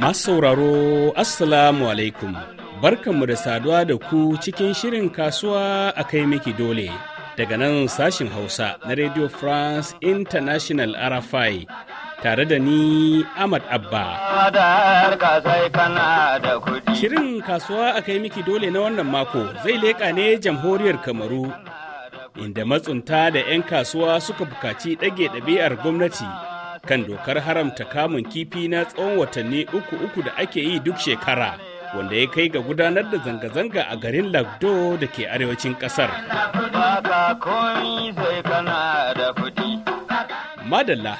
Masu sauraro Assalamu alaikum barkanmu da saduwa da ku cikin shirin kasuwa a kai miki dole daga nan sashin Hausa na Radio France International RFI tare da ni Ahmad Abba. Shirin kasuwa a kai miki dole na wannan mako zai leƙa ne jamhuriyar Kamaru inda matsunta da 'yan kasuwa suka bukaci ɗage ɗabi'ar gwamnati kan dokar haramta kamun kifi na tsawon watanni uku uku da ake yi duk shekara wanda ya kai ga gudanar da zanga-zanga a garin lagdo da ke arewacin ƙasar. madalla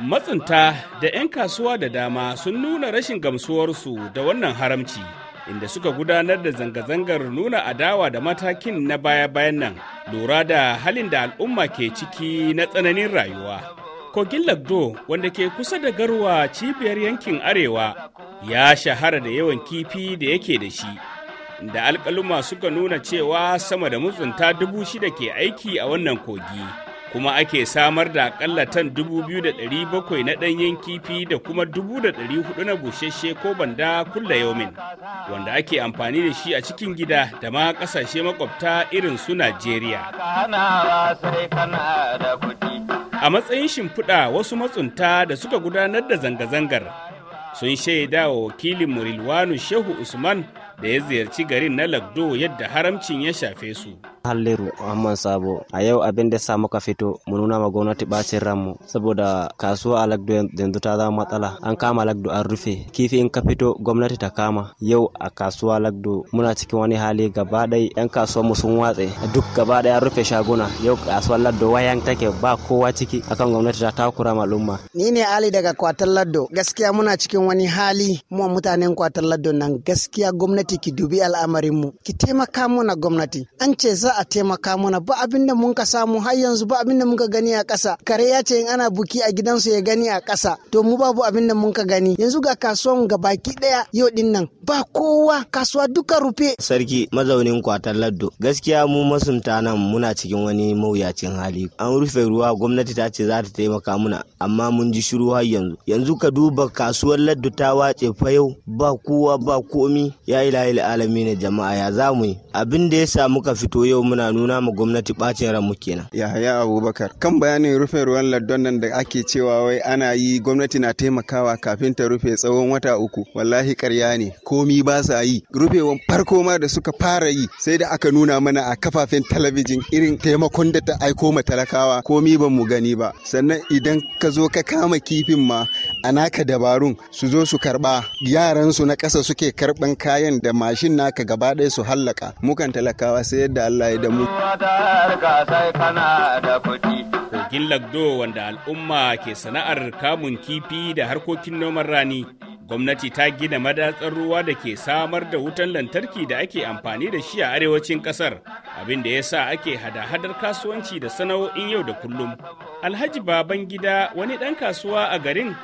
matsunta da 'yan kasuwa da dama sun nuna rashin gamsuwarsu da wannan haramci inda suka gudanar da zanga-zangar nuna adawa da matakin na baya-bayan nan lura da halin da al'umma ke ciki na tsananin rayuwa. Kogin Lagdo wanda ke kusa da garwa cibiyar yankin Arewa ya shahara da yawan kifi da yake da shi. Da alkaluma suka nuna cewa sama da mutsunta dubu shida ke aiki a wannan kogi. kuma ake samar da akalla tan 2,700 na ɗanyen kifi da kuma hudu na busheshe ko banda kulla yomin, wanda ake amfani da shi a cikin gida da ma ƙasashe makwabta irin su Najeriya. A matsayin shimfiɗa wasu matsunta da suka gudanar da zanga-zangar sun shaida wa wakilin Murilwanu Shehu Usman da ya ziyarci garin na Lagdo yadda haramcin ya shafe su. halleru Muhammad Sabo a yau abin da sa muka fito mu nuna ma gwamnati bacin ranmu saboda kasuwa a Lagdo yanzu ta zama matsala an kama Lagdo an rufe kifi in ka fito gwamnati ta kama yau a kasuwa Lagdo muna cikin wani hali gaba ɗai yan kasuwa mu sun watse duk gaba ɗaya an rufe shaguna yau kasuwar Lagdo wayan take ba kowa ciki akan gwamnati ta takura al'umma ni ne Ali daga kwatar Lagdo gaskiya muna cikin wani hali mu mutanen kwatar Lagdo nan gaskiya gwamnati ki dubi al'amarin mu ki taimaka mana gwamnati an ce za a taimaka mana ba abin mun ka samu har yanzu ba abin da mun ka gani a ƙasa kare ya ce in ana buki a gidansu ya gani a ƙasa to mu babu abinda da mun ka gani yanzu ga kasuwan ga baki ɗaya yau din nan ba kowa kasuwa duka rufe sarki mazaunin kwatar laddo gaskiya mu masunta nan muna cikin wani mawuyacin hali an rufe ruwa gwamnati ta ce za ta taimaka muna amma mun ji shiru har yanzu yanzu ka duba kasuwar laddo ta wace fa yau ba kowa ba komi ya ilahi alamin jama'a ya zamu yi abin da ya sa muka fito yau muna nuna ma gwamnati bacin ran muke nan. yahaya abubakar kan bayanin rufe ruwan laddon nan da ake cewa wai ana yi gwamnati na taimakawa kafin ta rufe tsawon wata uku wallahi karya ne komi ba sa yi rufewan farko ma da suka fara yi sai da aka nuna mana a kafafen talabijin irin taimakon da ta aiko ma talakawa komi ba mu gani ba sannan idan ka zo ka kama kifin ma a naka dabarun su zo su karba yaran su na ƙasa suke karban kayan da mashin naka gaba ɗaya su hallaka mukan talakawa sai yadda Allah ya damu kogin lagdo wanda al'umma ke sana'ar kamun kifi da harkokin noman rani gwamnati ta gina madatsar ruwa da ke samar da wutan lantarki da ake amfani da shi a arewacin kasar abin da ya sa ake hada-hadar kasuwanci da sana'o'in yau da kullum alhaji baban gida wani ɗan kasuwa a garin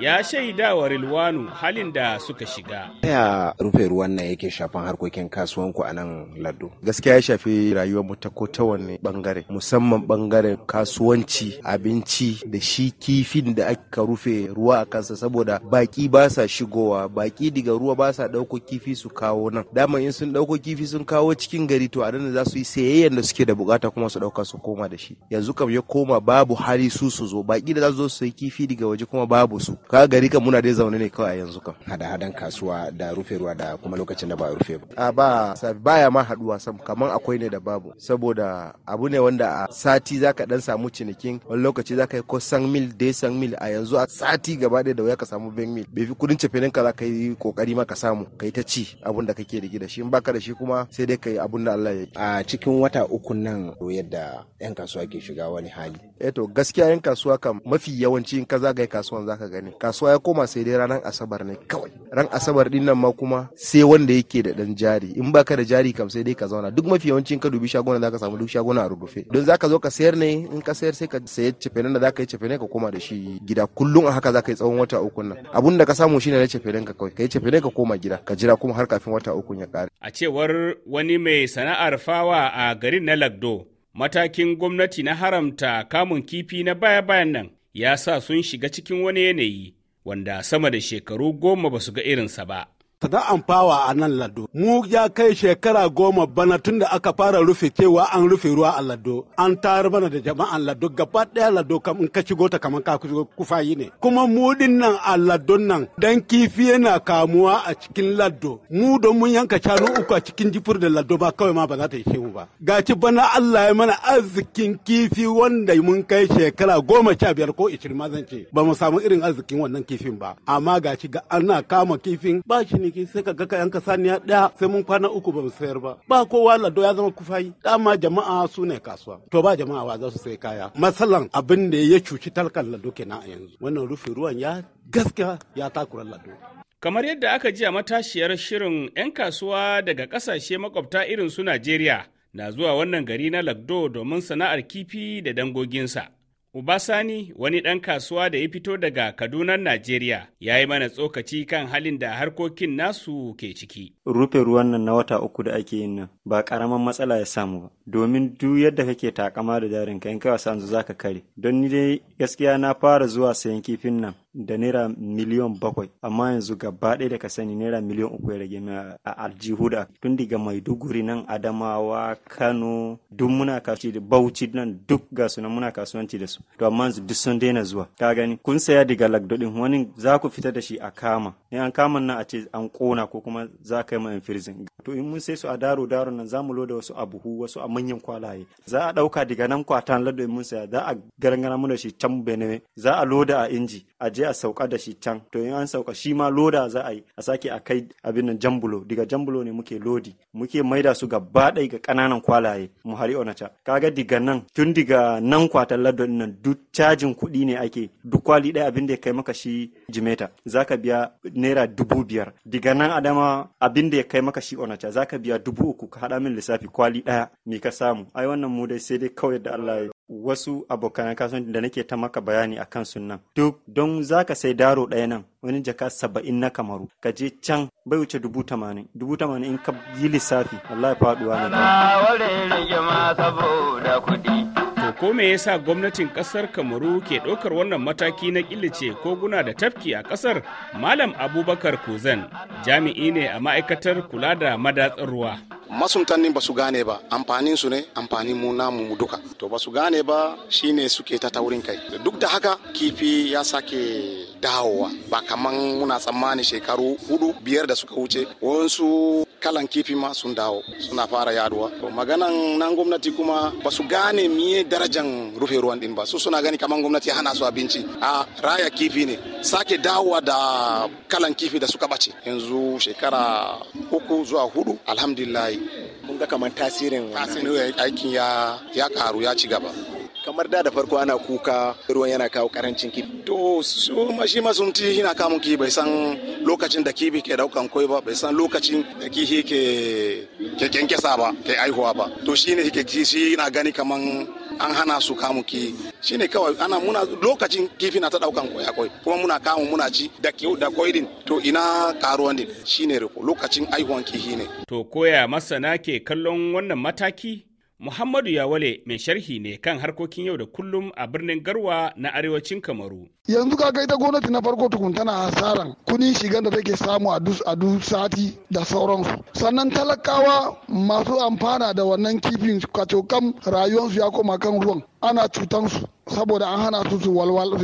ya shaida wa Rilwanu halin da suka shiga. Ya rufe ruwan nan yake shafan harkokin kasuwanku a nan Lado. Gaskiya ya shafi rayuwar mu ta ko ta bangare, musamman bangaren kasuwanci, abinci da shi kifin da aka rufe ruwa a kansa saboda baki ba sa shigowa, baki daga ruwa ba sa dauko kifi su kawo nan. Daman in sun dauko kifi sun kawo cikin gari to a nan za su yi sayayyan da suke da bukata kuma su dauka su koma da shi. Yanzu kam ya koma babu hali su su zo, baki da za su zo su yi kifi daga waje kuma babu su. ka gari kan muna dai zaune ne kawai yanzu kan hada hadan kasuwa da rufe ruwa da kuma lokacin da ba rufe ba a ba baya ma haduwa sam kaman akwai ne da babu saboda abu ne wanda a sati zaka dan samu cinikin wani lokaci zaka yi ko san mil dai san mil a yanzu a sati gaba da wuya ka samu bank mil bai fi kudin cefenin ka zaka yi kokari ma ka samu kai ta ci abun da kake rigi da shi in baka da shi kuma sai dai kai abun da Allah ya yi a cikin wata uku nan yadda yan kasuwa ke shiga wani hali eh to gaskiya yan kasuwa kam mafi yawanci in ka zagaye kasuwan zaka gani kasuwa ya koma sai dai ranar asabar ne kawai ran asabar din nan ma kuma sai wanda yake da dan jari in baka da jari kam sai dai ka zauna duk mafi yawancin ka dubi shaguna zaka samu duk shaguna a rubufe don zaka zo ka sayar ne in ka sayar sai ka sayi cefenen da zaka yi cefenen ka koma da shi gida kullum a haka zaka yi tsawon wata uku nan abun da ka samu shine na cefenen ka kawai ka yi cefenen ka koma gida ka jira kuma har kafin wata uku ya kare a cewar wani mai sana'ar fawa a garin na lagdo matakin gwamnati na haramta kamun kifi na baya-bayan nan ya sa sun shiga cikin wani yanayi wanda sama da shekaru goma ba su ga irinsa ba. Sada amfawa a nan lado. Mu ya kai shekara goma bana tun da aka fara rufe cewa an rufe ruwa a lado. An tayar mana da jama'an lado gaba ɗaya lado kam in ka shigo ta kamar ka kufayi ne. Kuma mu din nan a lado nan dan kifi yana kamuwa a cikin lado. Mu don mun yanka shanu uku a cikin jifir da lado ba kawai ma ba za ta yi mu ba. Gaci bana Allah ya mana arzikin kifi wanda mun kai shekara goma sha biyar ko ishirin ma zan ce ba mu samu irin arzikin wannan kifin ba. Amma gaci ga ana kama kifin ba shi ne ciniki sai ka ga ka saniya ɗaya sai mun kwana uku ba mu sayar ba ba kowa lado ya zama kufai dama jama'a su ne kasuwa to ba jama'a wa za su sai kaya masalan abin da ya cuci talkan lado kenan a yanzu wannan rufe ruwan ya gaskiya ya takura lado Kamar yadda aka ji a matashiyar shirin 'yan kasuwa daga kasashe makwabta irin su Najeriya na zuwa wannan gari na Lagdo domin sana'ar kifi da dangoginsa. Ubasani wani ɗan kasuwa da ya fito daga Kaduna, Najeriya, ya yi mana tsokaci kan halin da harkokin nasu ke ciki. Rufe ruwan nan na wata uku da ake yin nan ba ƙaramin matsala ya samu ba, domin duk yadda kake takama da jarinka in kai wasa za ka kare. Don ni dai gaskiya na fara zuwa sayan kifin nan da naira miliyan bakwai amma yanzu gaba ɗaya da ka sani naira miliyan uku ya rage a aljihu tun daga maiduguri nan adamawa kano duk muna kasuwanci da bauchi nan duk ga nan muna kasuwanci da su to amma yanzu duk sun daina zuwa ka gani kun saya daga lagdodin wani za ku fita da shi a kama ne an kama nan a ce an kona ko kuma za ka yi ma infirzin to in mun sai su a daro daro nan za mu loda wasu a buhu wasu a manyan kwalaye za a ɗauka daga nan kwatan lado in mun saya za a garangana mu da shi can benue za a loda a inji a je sai a sauka da shi can to in an sauka shi ma loda za a yi a sake a kai abin nan jambulo daga jambulo ne muke lodi muke maida su gaba ɗaya ga ƙananan kwalaye mu hari onacha kaga diga nan tun diga nan kwatan ladon nan duk cajin kuɗi ne ake duk kwali ɗaya abin da ya kai maka shi jimeta zaka biya naira dubu biyar diga nan adama abin da ya kai maka shi onacha zaka biya dubu uku ka haɗa min lissafi kwali ɗaya me ka samu ai wannan mu dai sai dai kawai da Allah ya wasu abokan kasuwanci da nake ta maka bayani akan sunan duk don zaka sai daro ɗaya nan wani jaka saba'in na kamaru ka je can bai wuce dubu tamanin dubu tamanin in ka yi lissafi Allah ya faɗuwa na To ko me yasa gwamnatin ƙasar Kamaru ke ɗaukar wannan mataki na ƙilice koguna da tafki a ƙasar? Malam Abubakar Kuzan jami'i ne a ma'aikatar kula da madatsar ruwa. masuntan ne ba su gane ba amfanin su ne amfanin mu namu duka to ba su gane ba shine suke ta taurin kai duk da haka kifi ya sake dawowa ba kaman muna tsammani shekaru hudu biyar da suka wuce wasu kalan kifi ma sun dawo suna fara yaduwa maganan nan gwamnati kuma ba su gane miye darajan rufe ruwan din ba su suna gani kaman gwamnati hana su abinci a raya kifi ne sake dawowa da kalan kifi da suka bace yanzu shekara uku zuwa hudu alhamdulillah mun ga kaman tasirin aikin ya ya karu ya ci gaba kamar da da farko ana kuka ruwan yana kawo karancin kifi to su ma shi masumci yana kamun kifi bai san lokacin da kifi ke daukan koi ba bai san lokacin da kifi ke ke kenkesa ba ke aihuwa ba to ne ke shi yana gani kaman an hana su kamun kifi ne kawai ana muna lokacin kifi na ta daukan koya akwai kuma muna kamun muna ci da da koi din to ina karuwan din shi ne lokacin aihuwan kifi ne to koya masana ke kallon wannan mataki Muhammadu Yawale mai sharhi ne kan harkokin yau da kullum a birnin Garwa na arewacin Kamaru. Yanzu kaga ita gwamnati na farko tukun tana hasaran kudin shigan da take samu a duk sati da sauransu. Sannan talakawa masu amfana da wannan kifin kacokan rayuwarsu ya koma kan ruwan. ana cutansu saboda an hana su su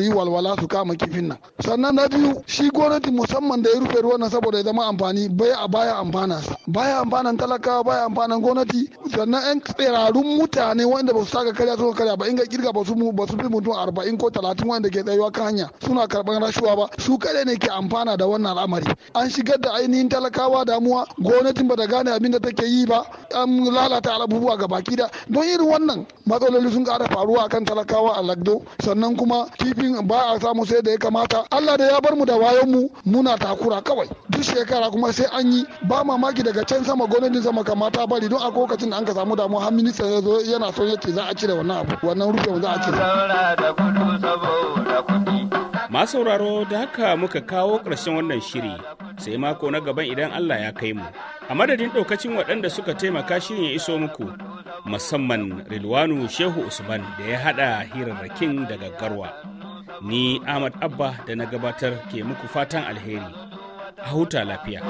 yi walwala su kama kifin nan sannan na biyu shi gwamnati musamman da ya rufe ruwan nan saboda ya zama amfani bai a baya amfana sa baya amfanan talakawa baya amfanan gwamnati sannan yan tsirarun mutane wanda ba su saka karya suka karya ba in ga kirga ba su ba su fi mutum arba'in ko talatin wanda ke tsayuwa kan hanya suna karban rashuwa ba su kadai ne ke amfana da wannan al'amari an shigar da ainihin talakawa damuwa gwamnatin ba ta gane abin da take yi ba an lalata al'abubuwa ga baki da don irin wannan matsaloli sun kara faru. a kan talakawa a lagdo sannan kuma kifin ba a samu sai da ya kamata allah da ya bar mu da wayon mu muna takura kawai duk shekara kuma sai an yi ba mamaki daga can sama gwamnatin sama kamata bari don a lokacin da an ka samu damuwa har minista ya zo yana son yake za a cire wannan abu wannan rufe za a cire sauraro da haka muka kawo ƙarshen wannan shiri sai mako na gaban idan Allah ya kai mu. A madadin ɗaukacin waɗanda suka taimaka shirin ya iso muku, musamman Rilwanu Shehu Usman da ya haɗa hirarrakin daga Garwa. Ni Ahmad Abba da na gabatar ke muku fatan alheri. A huta lafiya.